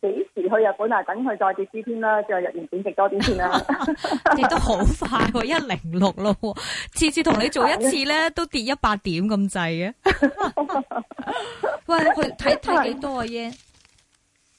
幾時去日本啊？等佢再跌啲先啦，再日元貶值多啲先啦，跌得好快喎！一零六咯，次次同你做一次咧，都跌一百點咁滯嘅。喂，你去睇睇幾多少啊耶！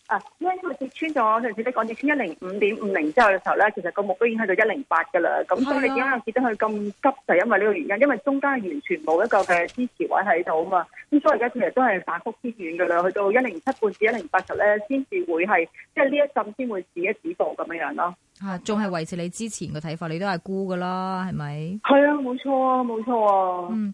啊，因為因為跌穿咗，上次你講跌穿一零五點五零之後嘅時候咧，其實個目標已經去到一零八噶啦，咁所以你點解又跌得佢咁急？就是、因為呢個原因，因為中間完全冇一個嘅支持位喺度啊嘛，咁所以而家其實都係反覆偏遠噶啦，去到 50, 是是一零七半至一零八十咧，先至會係即係呢一陣先會止一止步咁樣樣咯。啊，仲係維持你之前嘅睇法，你都係沽噶啦，係咪？係啊，冇錯啊，冇錯啊。嗯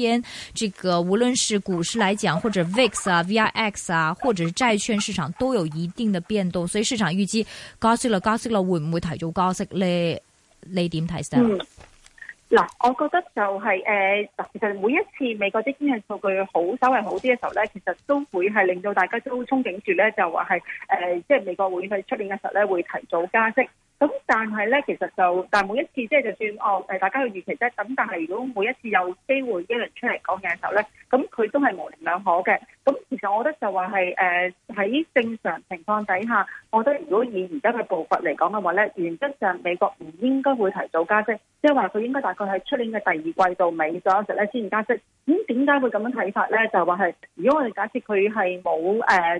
天，這個無論是股市來講，或者 VIX 啊、VIX 啊，或者是債券市場都有一定的變動，所以市場預期加息啦、加息啦，會唔會提早加息咧？你點睇先？嗱、嗯，我覺得就係、是、誒、呃，其實每一次美國的經濟數據好稍微好啲嘅時候咧，其實都會係令到大家都憧憬住咧，就話係誒，即係美國會喺出年嘅時候咧會提早加息。咁但係咧，其實就但每一次即係、就是、就算哦大家去預期啫。咁，但係如果每一次有機會一人出嚟講嘢嘅時候咧，咁佢都係模棱兩可嘅。咁其實我覺得就話係誒喺正常情況底下，我覺得如果以而家嘅步伐嚟講嘅話咧，原則上美國唔應該會提早加息，即係話佢應該大概喺出年嘅第二季度尾左右嗰陣時咧先加息。咁點解會咁樣睇法咧？就話係如果我哋假設佢係冇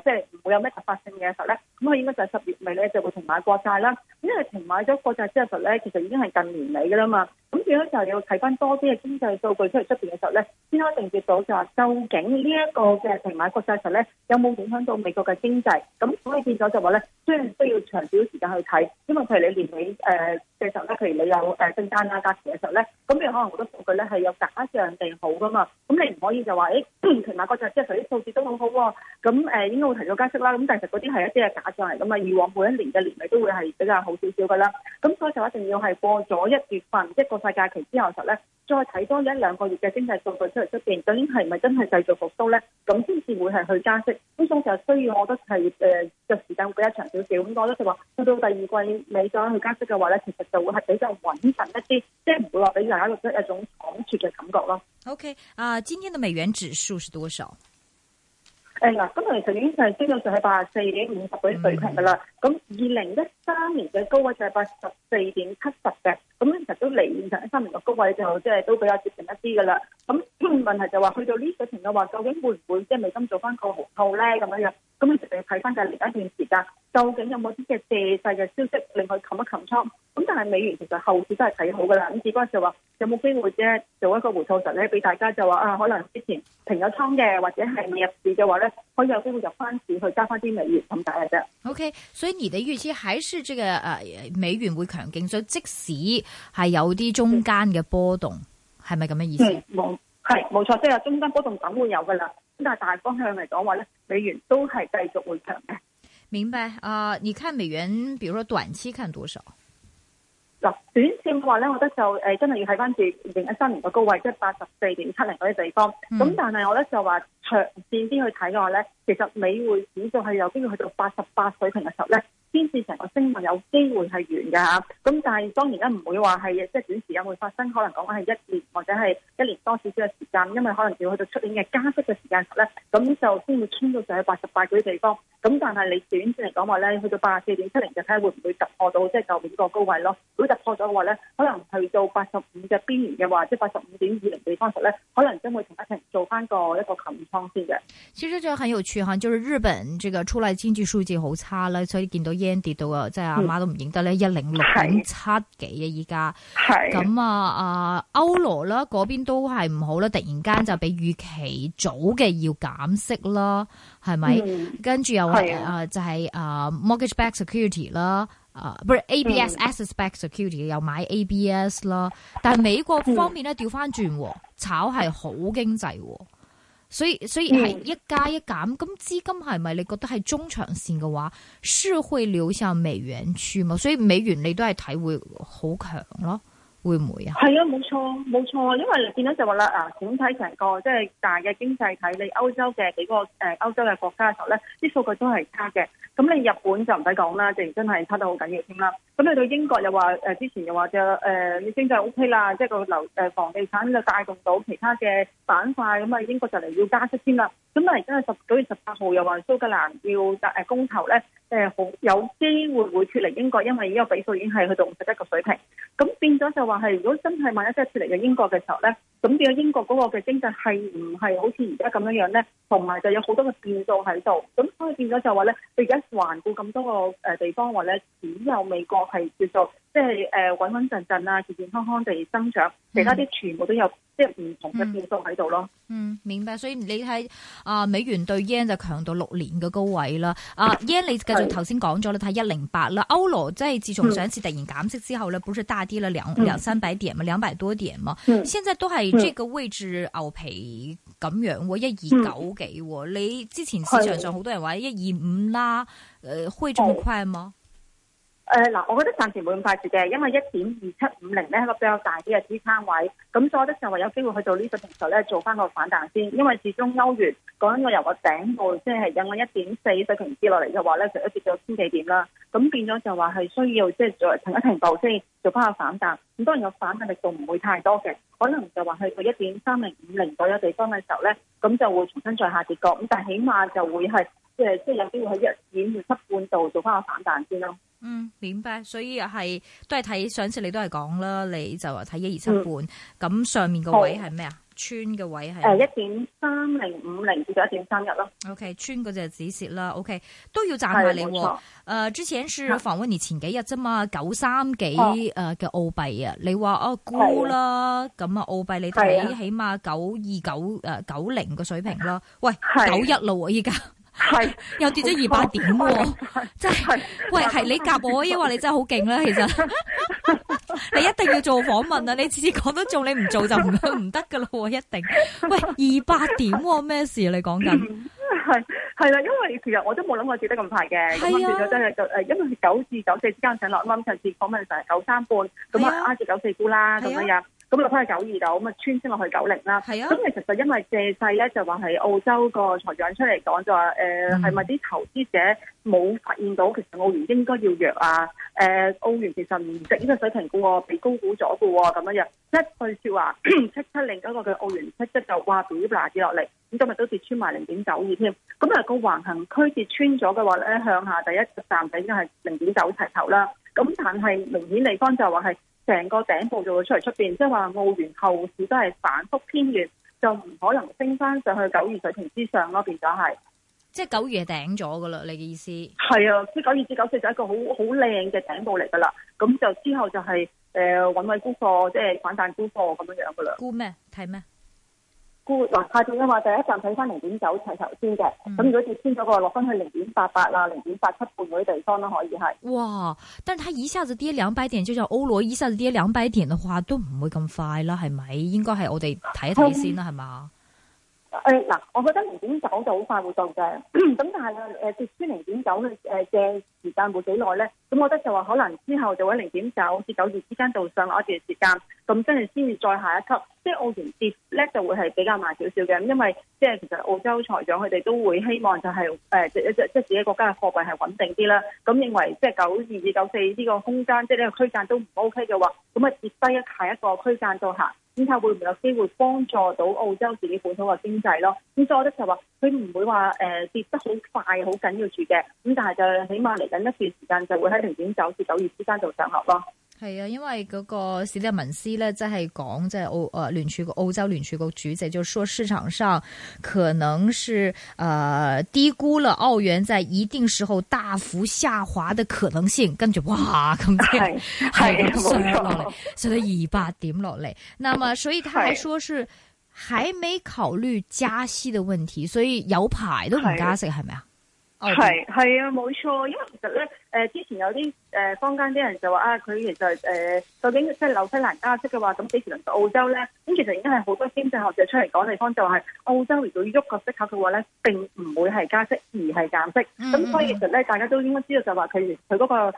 即係唔會有咩、呃就是、突發性嘅時候咧，咁佢應該就喺十月尾咧就會停買國債啦，因為停買咗國際債息實咧，其實已經係近年尾嘅啦嘛。咁變咗時候要睇翻多啲嘅經濟數據出嚟出邊嘅時候咧，先可以定結到就話究竟呢一個嘅停買國際債息咧，有冇影響到美國嘅經濟？咁所以變咗就話咧，雖然需要長少時間去睇，因為譬如你年尾誒嘅時候咧，譬如你有誒聖誕啊、價錢嘅時候咧，咁你可能好多數據咧係有假象定好嘅嘛。咁你唔可以就話誒、哎、停買國際債息實啲數字都好好、啊、喎。咁誒，應該會提到加息啦。咁但係其實嗰啲係一啲嘅假象嚟咁以往每一年嘅年尾都會係比較好少少噶啦。咁所以就一定要係過咗一月份一個晒假期之後實咧，再睇多一兩個月嘅經濟數據出嚟出邊，究竟係咪真係繼續復蘇咧？咁先至會係去加息。咁所,以所以、呃、就就需要我覺得係誒嘅時間會比較長少少。咁我得就話去到第二季尾再去加息嘅話咧，其實就會係比較穩陣一啲，即係唔會話俾大家一個一種恍惚嘅感覺咯。OK，啊、uh,，今天的美元指數是多少？誒嗱，咁其實已經上升到就係八十四點五十嗰啲水平噶啦。咁二零一三年嘅高位就係八十四點七十嘅。咁其實都離二零一三年嘅高位就即係，嗯、都比較接近一啲噶啦。咁問題就話去到呢個程度話，究竟會唔會即係美金做翻個紅頭咧？咁樣入？咁你睇翻嘅另一段時間，究竟有冇啲嘅借勢嘅消息令佢冚一冚倉？咁但係美元其實後市都係睇好噶啦。咁只不過就話有冇機會啫，做一個回吐實咧，俾大家就話啊，可能之前停咗倉嘅，或者係未入市嘅話咧，可以有機會入翻市去加翻啲美元咁解嘅啫。O、okay, K，所以而你預期喺輸出嘅誒美元會強勁，所以即使係有啲中間嘅波動，係咪咁嘅意思？冇、嗯，係冇錯，即係中間波動等會有噶啦。咁但係大方向嚟講話咧，美元都係繼續會強嘅。明白啊、呃？你看美元，比如說短期看多少？嗱，短線嘅話咧，我覺得就誒、呃，真係要睇翻住二零一三年嘅高位即係八十四點七零嗰啲地方。咁、嗯、但係我咧就話，長線先去睇嘅話咧，其實美匯指數係有機會去到八十八水平嘅時候咧。先至成個升運有機會係完㗎嚇，咁但係當然啦，唔會話係即係短時間會發生，可能講緊係一年或者係一年多少少嘅時間，因為可能要去到出年嘅加息嘅時間實咧，咁就先會衝到上去八十八嗰啲地方。咁但係你短期嚟講話咧，去到八十四點七零，就睇下會唔會突破到即係舊年個高位咯。如果突破咗嘅話咧，可能去到八十五嘅邊緣嘅話，即係八十五點二零地方實咧，可能將會同一停，做返個一個琴倉先嘅。其實就係很有趣吓，就是日本這個出來經濟數字好差啦，所以見到。yen 跌到啊，即係阿媽都唔認得咧，一零六點七幾啊，依家。係咁啊，啊歐羅啦，嗰邊都係唔好啦，突然間就比預期早嘅要減息啦，係咪？嗯、跟住又係啊，就係啊 mortgage-backed security 啦，啊、嗯，不是、uh, ABS as、嗯、set-backed security，又買 ABS 啦。但係美國方面咧，調翻轉，炒係好經濟。所以所以係一加一減，咁資金係咪你覺得係中長線嘅話，是會流向美元區嘛？所以美元你都係睇會好強咯。會唔會是啊？係啊，冇錯，冇錯，因為你見到就話啦，啊，整體成個即係大嘅經濟體，你歐洲嘅幾個誒，歐、呃、洲嘅國家嘅時候咧，啲數據都係差嘅。咁你日本就唔使講啦，自然真係差得好緊要添啦。咁你到英國又話誒，之前又話只誒，你、呃、經濟 O K 啦，即係個樓誒，房地產就帶動到其他嘅板塊。咁啊，英國就嚟要加息添啦。咁啊，而家十九月十八號又話蘇格蘭要誒公投咧，誒、呃、好有機會會脫離英國，因為呢個比數已經係去到五十一個水平。咁變咗就話係，如果真係萬一真係脫離咗英國嘅時候咧，咁變咗英國嗰個嘅經濟係唔係好似而家咁樣樣咧？同埋就有好多嘅變數喺度，咁所以變咗就話咧，佢而家環顧咁多個誒地方話咧，只有美國係叫做。即係誒穩穩陣陣啊，健健康康地增長，其他啲全部都有、嗯、即係唔同嘅變數喺度咯。嗯，明白。所以你睇啊、呃、美元對 yen 就強到六年嘅高位啦。啊 yen，你繼續頭先講咗啦，睇一零八啦。歐羅即係自從上一次突然減息之後咧，本身大跌咗兩兩三百點嘛，兩百多點嘛。嗯，現在都係即個位置、嗯、牛皮咁樣喎，一二九幾。嗯、你之前市場上好多人話一二五啦，誒會咁快咩、呃誒嗱、呃，我覺得暫時冇咁快捷嘅，因為一點二七五零咧係一個比較大啲嘅支撐位，咁所以我覺得就話有機會去到呢個程度咧，做翻個反彈先。因為始終歐元講緊我由個頂部，即係引我一點四水平跌落嚟嘅話咧，就一跌到千幾點啦。咁變咗就話係需要即係再停一停步先，做翻個反彈。咁當然個反彈力度唔會太多嘅，可能就話去到一點三零五零左右的地方嘅時候咧，咁就會重新再下跌過。咁但係起碼就會係即係即係有機會喺一點二七半度做翻個反彈先咯。嗯，明白，所以又係都係睇上次你都係講啦，你就話睇一二七半，咁上面個位係咩啊？穿嘅好位係誒一點三零五零至到一點三一咯。呃、o、okay, K，穿嗰隻止蝕啦。O、okay, K，都要讚下你。冇錯誒、呃，之前一次訪問前幾日啫嘛，九三幾誒嘅澳幣、哦、啊，你話哦沽啦，咁啊的澳幣你睇起碼九二九誒九零嘅水平啦。的喂，九一路啊依家。係，是又跌咗二百點喎，真係，喂，係你夾我，亦話你真係好勁啦，是是其實，你一定要做訪問啊， 你次次講都做，你唔做就唔唔得噶咯，一定，喂，二百點喎，咩事講啊，你講緊？係係啦，因為其實我都冇諗過跌得咁快嘅，咁樣跌咗真係就誒，因為九至九四之間上落，啱啱上次訪問就係九三半，咁啊挨住九四股啦，咁樣樣。咁落翻去九二度，咁啊穿穿落去九零啦。咁其實就因為借勢咧，就話係澳洲個財長出嚟講，就話誒係咪啲投資者冇發現到其實澳元應該要弱啊？誒澳元其實唔值呢個水平嘅喎，被高估咗嘅喎，咁樣樣一句説話，七七零嗰個嘅澳元七七就哇掉一籐子落嚟，咁今日都跌穿埋零點九二添。咁啊個橫行區跌穿咗嘅話咧，向下第一站就已經係零點九齊頭啦。咁但係明顯地方就話係。成個頂部就會出嚟出邊，即係話，澳元後市都係反覆偏軟就唔可能升翻上去九月水平之上咯。變咗係，即係九月係頂咗噶啦，你嘅意思？係啊，即、就、係、是、九月至九四就係一個好好靚嘅頂部嚟噶啦，咁就之後就係誒穩位沽貨，即、呃、係、就是、反彈沽貨咁樣樣噶啦，沽咩？睇咩？嗱，下跌啊嘛，第一站睇翻零點九齊頭先嘅，咁如果跌穿咗嘅話，落翻去零點八八啊，零點八七半嗰啲地方都可以係。哇！但係佢一下子跌兩百點，就像歐羅一下子跌兩百點嘅話，都唔會咁快啦，係咪？應該係我哋睇一睇先啦，係嘛、嗯？係嘛？誒，嗱、哎，我覺得零點九就好快會到嘅，咁但係誒跌穿零點九嘅誒嘅時間冇幾耐咧，咁我覺得就話可能之後就喺零點九至九二之間做上一段時間，咁跟住先至再下一級，即係澳元跌咧就會係比較慢少少嘅，咁因為即係其實澳洲財長佢哋都會希望就係誒即即即自己國家嘅貨幣係穩定啲啦，咁認為即係九二至九四呢個空間即係呢個區間都唔 OK 嘅話，咁啊跌低一下一個區間再行。咁睇下會唔會有機會幫助到澳洲自己本土嘅經濟咯。咁所以我覺得就話佢唔會話誒跌得好快，好緊要住嘅。咁但係就起碼嚟緊一段時間就會喺零點九至九月之間度上落咯。係啊，因為嗰個史蒂文斯咧，即係講即係澳誒聯儲個澳洲聯儲局主席，就說市場上可能是誒、呃、低估了澳元在一定時候大幅下滑的可能性，跟住哇咁跌，係冇錯，跌到二八點落嚟。那麼所以他還說是還沒考慮加息的問題，是所以有排都唔加息係咪是啊？係係啊，冇錯，因為其實咧誒之前有啲。誒，坊間啲人就話啊，佢其實誒，究竟即係紐西蘭加息嘅話，咁幾時輪到澳洲咧？咁其實已經係好多經濟學者出嚟講地方，就係、是、澳洲如果喐個息口嘅話咧，並唔會係加息，而係減息。咁、mm hmm. 所以其實咧，大家都應該知道就話佢佢嗰個誒誒、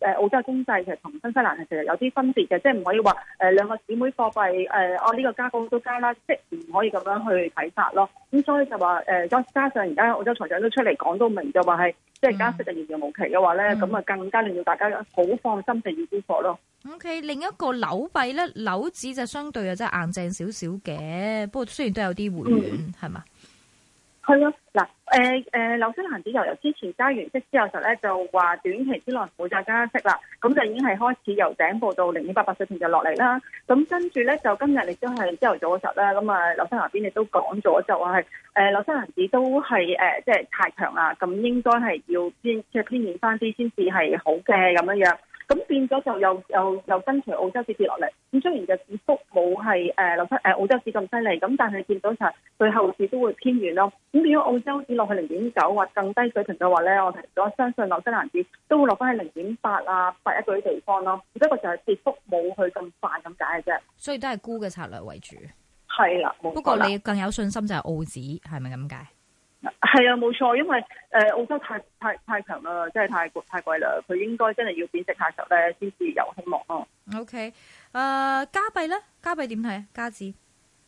呃、澳洲經濟其實同新西蘭係其實有啲分別嘅，即係唔可以話誒、呃、兩個姊妹貨幣誒我呢個加高都加啦，即係唔可以咁樣去睇法咯。咁所以就話誒，再、呃、加上而家澳洲財長都出嚟講到明就是，就話係即係加息、mm hmm. 就遙遙無期嘅話咧，咁啊更加令大家好放心地要啲貨咯。O、okay, K，另一個紐幣咧，紐紙就相對啊，真係硬淨少少嘅。不過雖然都有啲回暖，係嘛、嗯？係啊，嗱，誒、呃、誒，紐西蘭子由由之前加完息之後咧就話短期之內冇再加息啦，咁就已經係開始由頂部到零點八八水平就落嚟啦。咁跟住咧就今日亦都係朝頭早嘅時候咧，咁啊紐西蘭邊亦都講咗就話、是、係，誒、呃、紐西蘭子都係誒即係太強啦，咁應該係要偏即係偏軟翻啲先至係好嘅咁樣樣。嗯咁變咗就又又又跟隨澳洲市跌落嚟，咁雖然個跌幅冇係誒紐西誒澳洲市咁犀利，咁但係你見到就對後市都會偏軟咯。咁變咗澳洲市跌落去零點九或更低水平嘅話咧，我係我相信紐西蘭市都會落翻去零點八啊八一個啲地方咯。只不過就係跌幅冇去咁快咁解嘅啫。所以都係沽嘅策略為主。係啦，不過你更有信心就係澳紙係咪咁解？是係啊，冇錯，因為誒澳洲太太太強啦，真係太貴太貴啦，佢應該真係要貶值太實咧，先至有希望咯。OK，誒加幣咧，加幣點睇啊？加紙，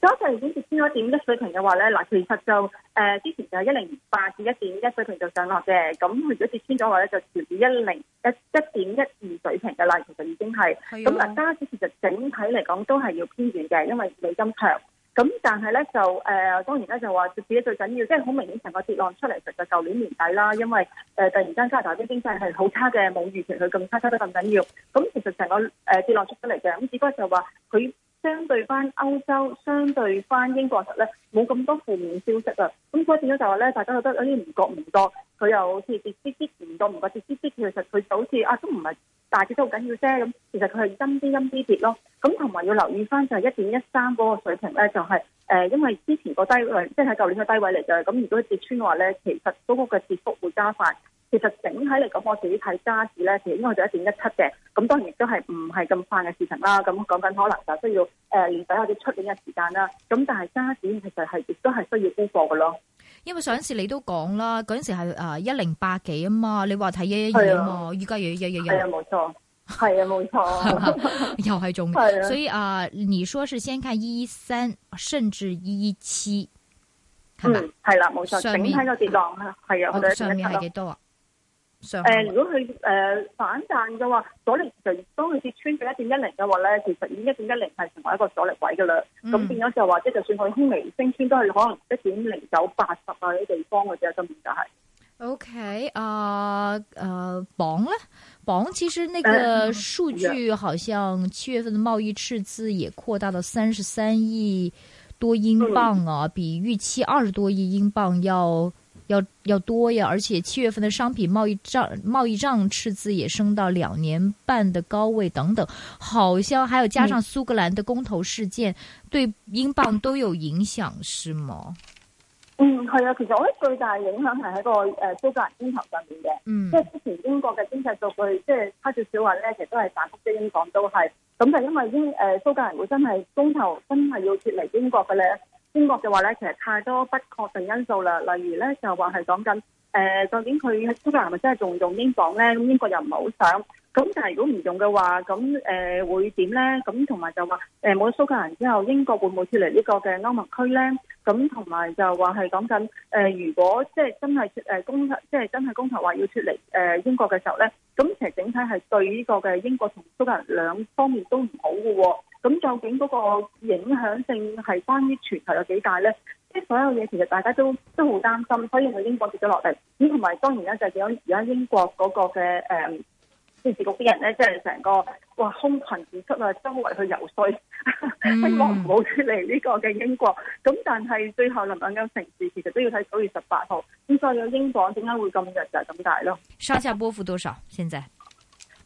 加幣如果跌穿咗一點一水平嘅話咧，嗱其實就誒之前就係一零八至一點一水平就上落嘅，咁如果跌穿咗話咧，就調至一零一一點一二水平嘅啦，其實已經係咁嗱。加紙其實整體嚟講都係要偏軟嘅，因為美金強。咁但係咧就誒、呃、當然咧就話自己最緊要，即係好明顯成個跌浪出嚟，其實舊年年底啦，因為誒、呃、突然間加拿大啲經濟係好差嘅，冇預期佢咁差差得咁緊要。咁其實成個誒跌浪出嚟嘅，咁只不過就話佢。相對翻歐洲，相對翻英國實咧冇咁多負面消息啊！咁所以點樣就話咧，大家覺得有啲唔覺唔覺，佢又好似跌啲啲唔覺唔覺跌啲啲，其實佢就好似啊都唔係大跌都好緊要啫。咁其實佢係陰啲、陰啲跌咯。咁同埋要留意翻就係一點一三嗰個水平咧，就係、是、誒、呃，因為之前個低位即係喺舊年嘅低位嚟嘅。咁如果跌穿嘅話咧，其實嗰個嘅跌幅會加快。其實整體嚟講，我自己睇沙士咧，其實應該就一點一七嘅。咁當然亦都係唔係咁快嘅事情啦。咁講緊可能就需要誒，年底或者出年嘅時間啦。咁但係沙士其實係亦都係需要估貨嘅咯。因為上一次你都講啦，嗰陣時係誒一零八幾啊嘛。你話睇一一零啊，依家有有有有。係啊，冇錯。係啊，冇錯。又係中嘅。所以啊，你說是先看一三，甚至一七，係嘛？係啦，冇錯。整體個跌浪係啊，我哋上面係幾多啊？誒、呃，如果佢誒、呃、反彈嘅話，阻力就當佢跌穿咗一點一零嘅話咧，其實已經一點一零係成為一個阻力位嘅啦。咁變咗就話，即就算佢輕微升穿，都係可能一點零九八十啊啲地方嘅啫。今年就係、是。O K，啊啊，榜咧，榜其實呢個數據好像七月份嘅貿易赤字也擴大到三十三億多英鎊啊，嗯、比預期二十多億英鎊要。要要多呀，而且七月份的商品貿易賬貿易賬赤字也升到兩年半的高位，等等，好像還有加上蘇格蘭的公投事件、嗯、對英鎊都有影響，是嗎？嗯，係啊，其實我覺得最大影響係喺個誒蘇格蘭公投上面嘅，嗯，即係之前英國嘅經濟數據，即係差少少話咧，其實都係反覆對英鎊都係，咁就因為英誒蘇格蘭會真係公投真係要脫離英國嘅咧。英國嘅話咧，其實太多不確定因素啦。例如咧，就話係講緊，誒、呃，究竟佢喺蘇格蘭係咪真係仲用英鎊咧？咁英國又唔係好想。咁但係如果唔用嘅話，咁誒、呃、會點咧？咁同埋就話，誒冇咗蘇格蘭之後，英國會唔會脫離呢個嘅歐盟區咧？咁同埋就話係講緊，誒、呃，如果即係真係誒、呃就是、公投，即係真係公投話要脫離誒英國嘅時候咧，咁其實整體係對呢個嘅英國同蘇格蘭兩方面都唔好嘅、哦。咁究竟嗰個影響性係關於全球有幾大咧？即係所有嘢其實大家都都好擔心，所以佢英國跌咗落嚟。咁同埋當然啦、嗯，就係點樣而家英國嗰個嘅誒政治局啲人咧，即係成個哇空群展出啊，周圍去游說，希望唔好脫離呢個嘅英國。咁但係最後能唔能夠成事其實都要睇九月十八號。咁所以英國點解會咁日就係、是、咁大咯？上下波幅多少？現在？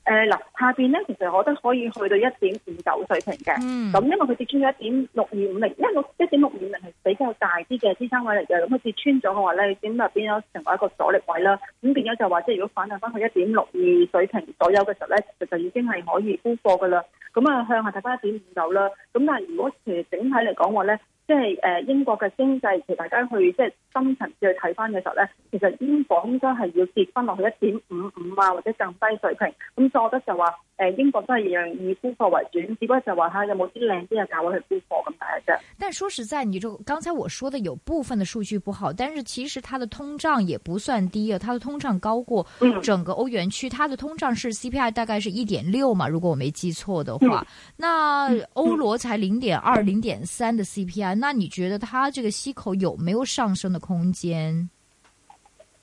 誒嗱、呃，下邊咧，其實我覺得可以去到一點五九水平嘅。嗯，咁因為佢跌穿咗一點六二五零，因為六一點六二五零係比較大啲嘅支撐位嚟嘅，咁佢跌穿咗嘅話咧，點就變咗成為一個阻力位啦。咁變咗就話，即係如果反彈翻去一點六二水平左右嘅時候咧，其實就已經係可以沽貨噶啦。咁啊，向下睇翻一點五九啦。咁但係如果其實整體嚟講話咧。即係誒，英國嘅經濟，其實大家去即係、就是、深層次去睇翻嘅時候咧，其實英鎊應該係要跌翻落去一點五五啊，或者更低水平。咁所以我覺得就話，誒英國都係一樣以沽貨為主，只不過就話睇下有冇啲靚啲嘅價位去沽貨咁解啫。但係說實在，你就剛才我說的有部分嘅數據不好，但是其實它的通脹也不算低啊，它的通脹高過整個歐元區，它的通脹是 CPI 大概是一點六嘛，如果我沒記錯的話，那歐羅才零點二、零點三的 CPI。那你覺得佢這個息口有沒有上升的空間？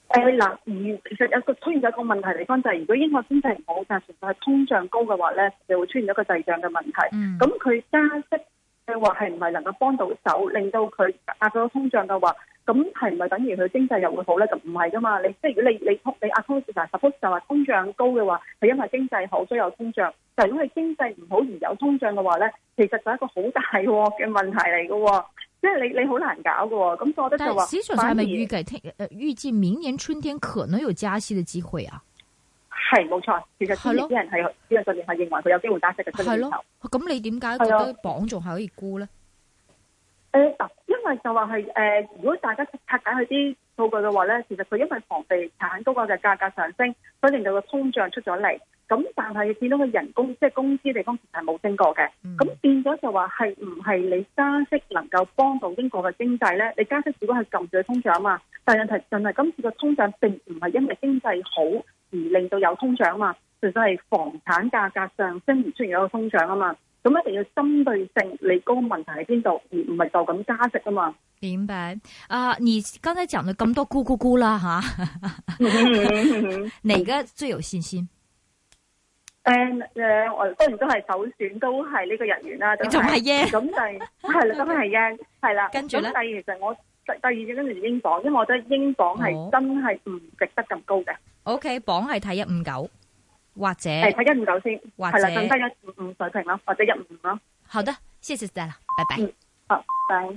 誒、嗯，嗱，而其實有個出現咗一個問題地方就係，如果英國經濟唔好，但係全係通脹高嘅話咧，就會出現一個滯脹嘅問題。咁佢加息。佢話係唔係能夠幫到手，令到佢壓到通脹嘅話，咁係唔係等於佢經濟又會好咧？就唔係噶嘛，你即係你你，你，你，你，你通你壓通就就話通脹高嘅話，係因為經濟好，所以有通脹。但係如果係經濟唔好而有通脹嘅話咧，其實就係一個好大嘅問題嚟嘅，即係你你好難搞嘅。咁我覺得就話市場上係咪預計聽預計明年春天可能有加息嘅機會啊？係冇錯，其實專業啲人係呢樣上面係認為佢有機會加息嘅。係咯，咁你點解佢啲綁仲係可以沽咧？誒，嗱、呃，因為就話係誒，如果大家拆解佢啲數據嘅話咧，其實佢因為房地產嗰個嘅價格上升，所以令到個通脹出咗嚟。咁但係你見到佢人工即係工資嘅方面其實係冇升過嘅，咁、嗯、變咗就話係唔係你加息能夠幫到英國嘅經濟咧？你加息只係係撳住個通脹啊嘛，但係問題就係今次個通脹並唔係因為經濟好。而令到有通脹嘛，實質係房產價格上升而出現有一個通脹啊嘛，咁一定要針對性你高問題喺邊度，而唔係就咁加息啊嘛。明白啊？你剛才講咗咁多咕咕咕啦吓，你而家最有信心？誒誒，我當然都係首選，都係呢個日元啦，都係咁第係啦，咁係耶，係啦。跟住咧，第二其實我第二隻跟住英鎊，因為我覺得英鎊係真係唔值得咁高嘅。O K，榜係睇一五九，或者係睇一五九先，或者上升一五五水平咯，或者一五五咯。好的，謝謝晒啦，拜拜。好，拜。